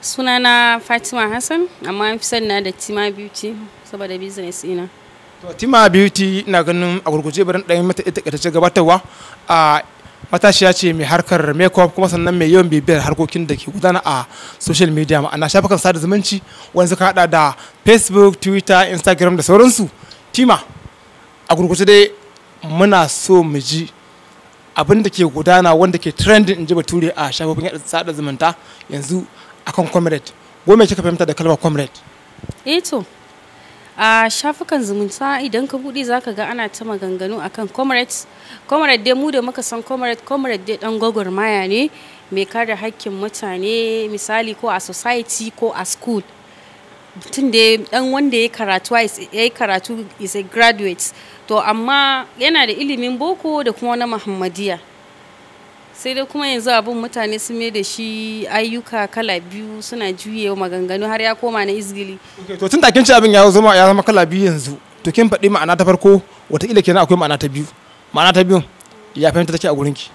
sunana fatima hassan amma an fi sanna da tima beauty saboda business ina to tima beauty ina ganin a gurguje barin ɗayan mata ita ƙarƙashin gabatarwa a matashiya ce mai harkar makeup kuma sannan mai yawan bibiyar harkokin da ke gudana a social media ma'ana shafukan sada zumunci wanda suka hada da facebook twitter instagram da sauransu tima a gurguje dai muna so mu ji abin da ke gudana wanda ke trending in ji bature a shafofin yadda sada zumunta yanzu akan comrade gome kika fahimta da kalmar comrade eh a shafukan zumunta idan ka bude zaka ga ana ta maganganu akan comrades comrade dai mu da muka san comrade comrade dai dan maya ne mai kare hakkin mutane misali ko a society ko a school tun da dan wanda ya karatu ya yi karatu is a graduate to amma yana da ilimin boko da kuma na muhammadiya sai dai kuma yanzu abin mutane sun mai da shi ayyuka kala biyu suna juye maganganu har ya koma na izgili to tun takin ci abin ya zama ya zama kala biyu yanzu to kin faɗi ma'ana ta farko wataƙila kenan akwai ma'ana ta biyu ma'ana ta biyu ya fahimta take a gurinki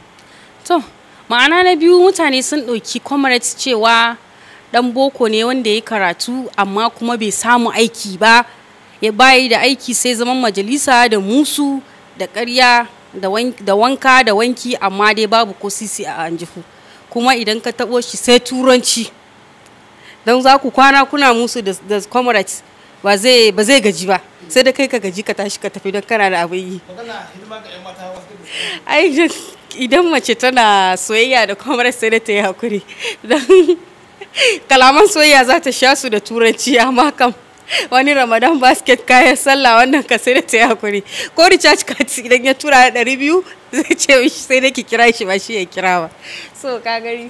to ma'ana na biyu mutane sun ɗauki comrades cewa dan boko ne wanda ya karatu amma kuma bai samu aiki ba ya bayi da aiki sai zaman majalisa da musu da ƙarya da wanka da wanki amma dai babu ko sisi a anjihu kuma idan ka taɓo shi sai turanci don za ku kwana kuna musu da comrades ba zai gaji ba sai da kai ka gaji ka tashi ka tafi don kana da abin yi ai idan mace tana soyayya da comrades sai da ta yi hakuri kalaman soyayya za ta sha su da turanci amma kam wani ramadan basket kayan sallah wannan ka sai da ta hakuri ko recharge card idan ya tura ɗari biyu zai ce sai da ki kira shi ba shi ya kira ba so ka gari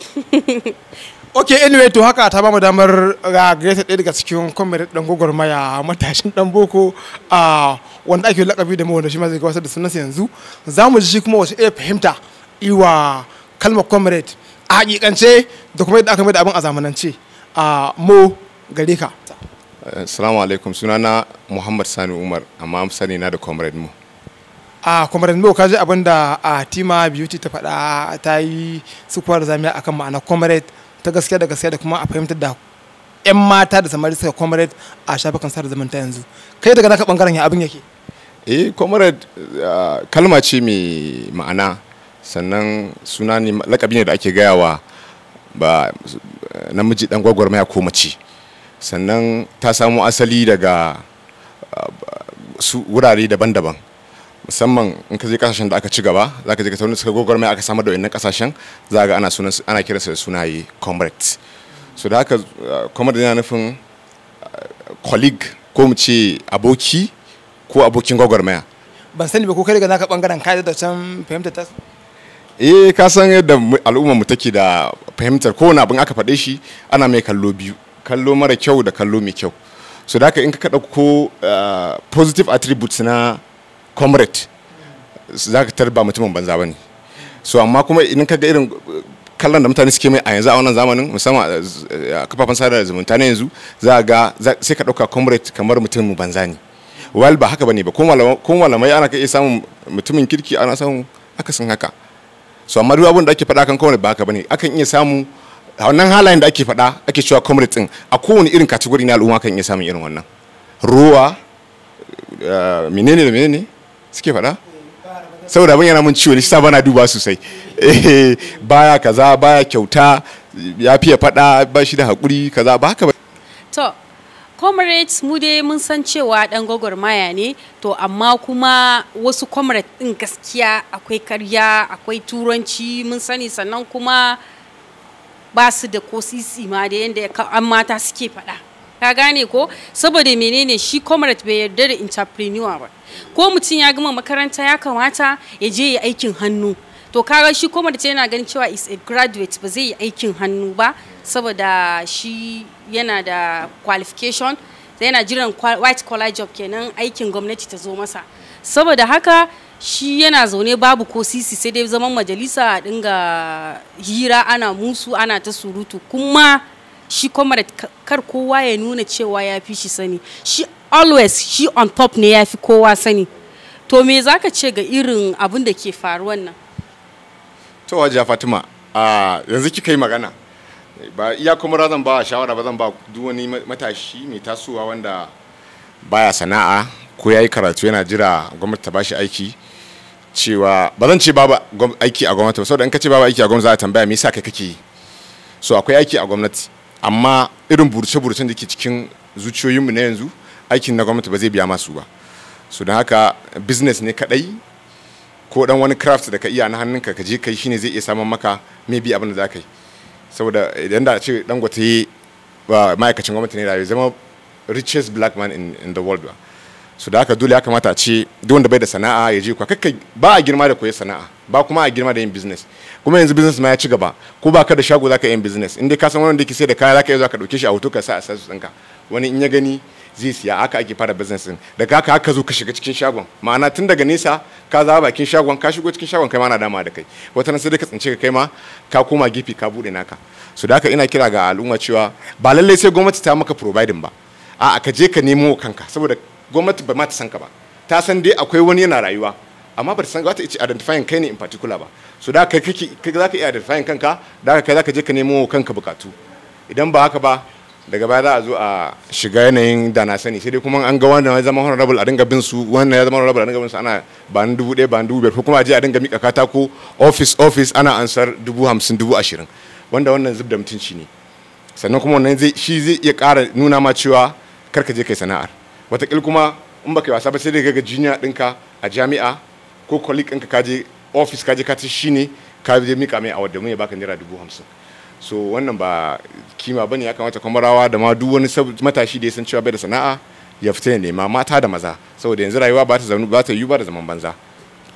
ok anyway to haka ta bamu damar ga gaisa ɗaya daga cikin kwamitin ɗan gwagwarmaya matashin ɗan boko a wanda ake lakabi da mawanda shi ma zai gabatar da sunansa yanzu za mu ji shi kuma wasu iya fahimta iwa kalmar comrade a hakikance da kuma yadda aka mai da abin a zamanance a mo gare ka salamu alaikum sunana muhammad sani umar amma sani na da comrade mo. a comrade mo ka ji abin da a tima beauty ta faɗa ta yi sukuwar zamiya akan ma'ana comrade ta gaskiya da gaskiya da kuma a fahimtar da 'yan mata da samari suka comrade a shafukan sada zumunta yanzu kai daga naka bangaren ya abin yake eh comrade kalma ce mai ma'ana sannan suna ne lakabi ne da ake gaya wa ba namiji dan gwagwarmaya ko mace sannan ta samo asali daga ah, su wurare daban-daban musamman in ka je kasashen da aka ci gaba za ka je ka tauni suka gwagwarmaya aka samar da wannan kasashen za ga ana sunan ana kiransa da sunaye comrades so da haka ah, comrade yana nufin ah, colleague ko mu ce aboki ko abokin gwagwarmaya ban sani ba ko kai daga naka bangaren ka da can fahimtar ta eh ka san yadda al'umma mu take da fahimtar kowane abin aka faɗe shi ana mai kallo biyu kallo mara kyau da kallo mai kyau so da in ka kaɗa ko ah, positive attributes na comrade za ka tarba mutumin banza ba ne so amma kuma in ka ga irin eh, kallon da mutane suke mai a yanzu a wannan zamanin musamman a eh, kafafen sada zumunta na yanzu za ga sai ka ɗauka comrade kamar mutumin banza ne wal ba haka bane ba ko malamai ana ka iya samun mutumin kirki ana samun akasin haka so amma duk abin da ake faɗa kan comrade ba haka bane akan iya samu wannan halayen da ake faɗa ake cewa comrade din a kowane irin category na al'umma kan iya samun irin wannan ruwa eh, menene da menene suke faɗa saboda abin yana mun ciwo ne shi sa bana duba sosai eh, baya kaza baya kyauta ya fiye faɗa ba shi da haƙuri kaza ba haka ba to comrades mu dai mun san cewa dan gwagwarmaya ne to amma kuma wasu comrade din gaskiya akwai karya akwai turanci mun sani sannan kuma ba su da ko sisi ma da yadda an mata suke faɗa ka gane ko saboda menene shi comrade bai yarda da entrepreneur ba ko mutum ya gama makaranta ya kamata ya je ya aikin hannu to kaga shi comrade yana ganin cewa is a graduate ba zai yi aikin hannu ba saboda shi yana da qualification yana jiran white collar job kenan aikin gwamnati ta zo masa saboda haka shi yana zaune babu ko sisi sai dai zaman majalisa a dinga hira ana musu ana ta surutu kuma shi comrade kar kowa ya nuna cewa ya fi shi sani shi always shi on top ne ya fi kowa sani to me za ka ce ga irin abin da ke faruwan nan to hajiya fatima ah, yanzu kika yi magana ba iya kuma zan ba shawara ba zan ba duk wani matashi mai tasowa wanda baya sana'a ko ya yi karatu yana jira gwamnati ta bashi aiki cewa ba zan ce babu aiki a gwamnati ba saboda in ka ce babu aiki a gwamnati za a tambaya me yasa kai kake yi so akwai aiki a gwamnati amma irin burce-burcen da ke cikin zuciyoyinmu na yanzu aikin na gwamnati ba zai biya masu ba so don haka business ne kadai ko dan wani craft da ka iya na hannunka ka je kai shine zai iya samun maka maybe abin da za ka yi saboda idan da ce dangote ma'aikacin gwamnati ne rayu zama richest black man in, in the world ba su da haka dole ya kamata a ce duk wanda bai da sana'a ya je kwa ba a girma da koyi sana'a ba kuma a girma da yin business kuma yanzu business ma ya ci gaba ko ba ka da shago zaka yin business in dai ka san wanda yake sai da kaya zaka yi zaka dauke shi a hoto ka sa a sasu tsanka wani in ya gani zai siya aka ake fara business din daga haka haka zo ka shiga cikin shagon ma'ana tun daga nesa ka zaba bakin shagon ka shigo cikin shagon kai ma na dama da kai wata sai ka tsince ka kai ma ka koma gifi ka bude naka so da haka ina kira ga al'umma cewa ba lallai sai gwamnati ta maka providing ba a'a ka je ka nemo kanka saboda gwamnati ba ma ta san ka ba ta san dai akwai wani yana rayuwa amma ba ta san ta ce identifying kai ne in particular ba so da kai kake za ka iya identifying kanka da kai za ka je ka nemo kanka bukatu idan ba haka ba daga baya za a zo a shiga yanayin da na sani sai dai kuma an ga wanda ya zama honorable a dinga bin su wannan ya zama honorable a dinga bin su ana ba ni dubu ɗaya ba ni dubu biyar ko kuma a je a dinga mika katako office office ana ansar dubu hamsin dubu ashirin wanda wannan zub da mutunci ne sannan kuma wannan zai shi zai iya ƙara nuna ma cewa kar ka je kai sana'ar wataƙil kuma in baka yi wasa ba sai dai ga jinya ɗinka a jami'a ko colleague ɗinka ka je office ka je ka ci shi ne ka je mika mai a wadda mun ya baka naira dubu hamsin so wannan ba kima bane ya kamata kwamarawa da ma duk wani matashi da ya san cewa bai da sana'a ya fita ya nema mata da maza saboda yanzu rayuwa ba ta zaunu ba ta yiwu ba da zaman banza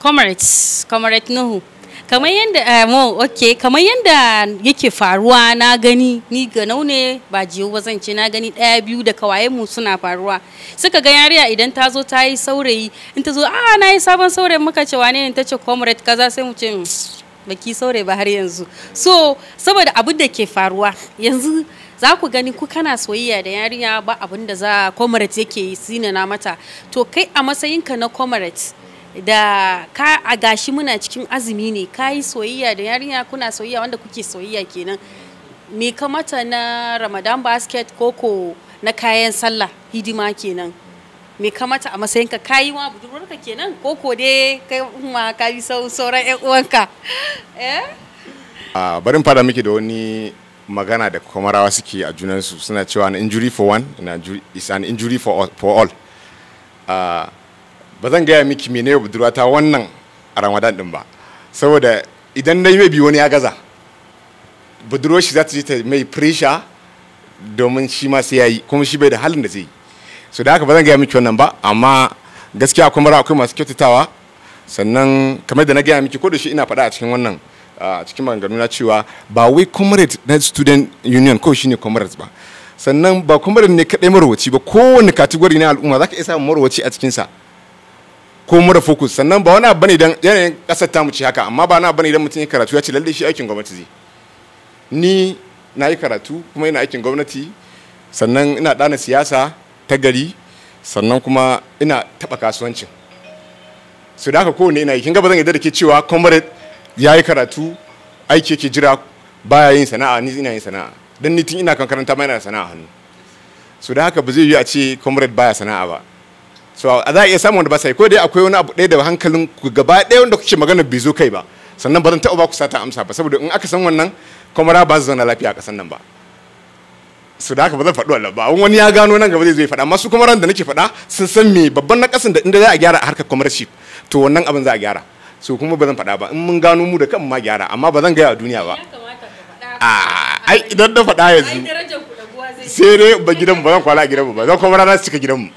comrades comrade nuhu kamar yadda eh, mo okay kamar yadda yake faruwa na gani ni ga naune ba jiyo ba zan ce na gani daya biyu da kawayen mu suna faruwa suka ga yariya idan ta zo ta yi saurayi in ta zo a ah, na yi sabon saurayin muka ce wane ne ta ce comrade kaza sai mu ce hmm. baki saurayi ba har yanzu so saboda abin da ke faruwa yanzu za ku gani ku kana soyayya da yarinya ba abin da za comrade yake yi na mata to kai a matsayinka na comrade da ka a gashi muna cikin azumi ne ka yi soyayya da yarinya kuna soyayya wanda kuke soyayya kenan me kamata na ramadan basket koko na kayan sallah hidima kenan me kamata a matsayin ka kayi wa budurwarka kenan ko ko dai kai ma ka yi sauran ƴan uwanka eh barin fada miki da wani magana da kwamarawa suke a junansu suna cewa an injury for one is an injury for all ba zan gaya miki mene ta wannan a ramadan din ba saboda idan na yi mai wani ya gaza budurwar shi za ta je ta mai pressure domin shi ma sai ya yi kuma shi bai da halin da zai yi so da haka ba zan gaya miki wannan ba amma gaskiya akwai mara akwai masu kyautatawa sannan kamar da na gaya miki ko da shi ina faɗa a cikin wannan a cikin maganganu na cewa ba wai comrade na student union ko shine comrades ba sannan ba comrade ne kadai marwaci ba kowane category na al'umma zaka iya samun marwaci a cikin sa ko mura focus sannan ba wani abu ne dan yanayin kasar ta muci haka amma ba na abu ne idan mutum ya karatu ya ce lalle shi aikin gwamnati zai ni na yi karatu kuma ina aikin gwamnati sannan ina ɗana siyasa ta gari sannan kuma ina taɓa kasuwancin su da haka kowane ina kin gaba zan yadda da ke cewa comrade ya yi karatu aiki yake jira baya yin sana'a ni ina yin sana'a dan ni tun ina kan karanta ma ina sana'a hannu su da haka ba zai yi a ce comrade baya sana'a ba so a za a iya samun wanda ba sai ko dai akwai wani abu ɗaya da hankalin ku gaba ɗaya wanda kuke magana bai zo kai ba sannan ba zan taɓa ba ku sata amsa ba saboda in aka san wannan comrade ba su zauna lafiya a ƙasan nan ba su da haka ba zan faɗi wannan ba wani ya gano nan gaba zai zo ya faɗa amma su kuma ran da nake faɗa sun san me babban na kasan da inda za a gyara a harkar commercial to wannan abin za a gyara so kuma ba zan faɗa ba in mun gano mu da kan ma gyara amma ba zan gaya a duniya ba ai idan na faɗa yanzu sai dai ba gidan ba zan kwala a gidan ba zan kuma rana su cika gidan mu